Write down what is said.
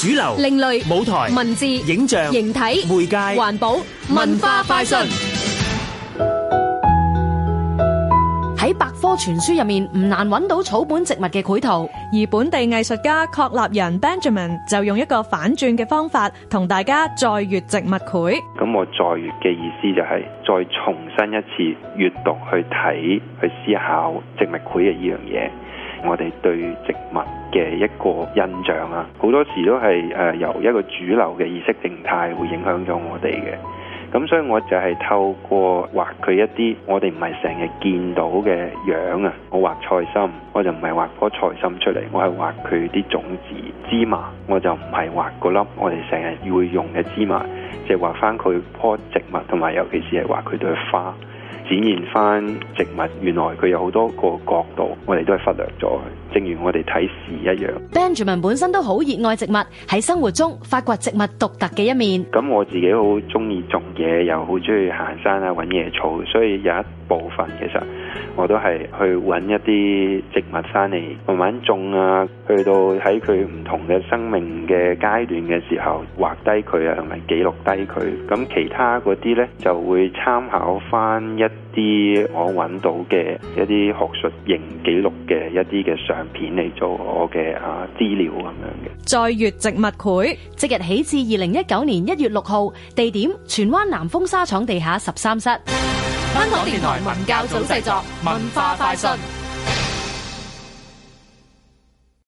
主流、另類舞台、文字、影像、形體、媒介、環保、文化、快訊。喺百科全書入面唔難揾到草本植物嘅繪圖，而本地藝術家確立人 Benjamin 就用一個反轉嘅方法，同大家再閱植物繪。咁我再閱嘅意思就係再重新一次閱讀去睇去思考植物繪嘅呢樣嘢。我哋對植物嘅一個印象啊，好多時都係誒由一個主流嘅意識形態會影響咗我哋嘅。咁所以我就係透過畫佢一啲我哋唔係成日見到嘅樣啊。我畫菜心，我就唔係畫棵菜心出嚟，我係畫佢啲種子。芝麻，我就唔係畫個粒我哋成日會用嘅芝麻，就係畫翻佢棵植物，同埋尤其是係畫佢對花。展現翻植物，原來佢有好多個角度，我哋都係忽略咗。正如我哋睇事一樣，Benjamin 本身都好熱愛植物，喺生活中發掘植物獨特嘅一面。咁我自己好中意種嘢，又好中意行山啊，搵野草，所以有一部分其實。我都係去搵一啲植物翻嚟，慢慢種啊。去到喺佢唔同嘅生命嘅階段嘅時候，畫低佢啊，同埋記錄低佢。咁其他嗰啲呢，就會參考返一啲我搵到嘅一啲學術型記錄嘅一啲嘅相片嚟做我嘅啊資料咁樣嘅。在粵植物繪，即日起至二零一九年一月六號，地點荃灣南豐紗廠地下十三室。香港電台文教組製作，文化快訊。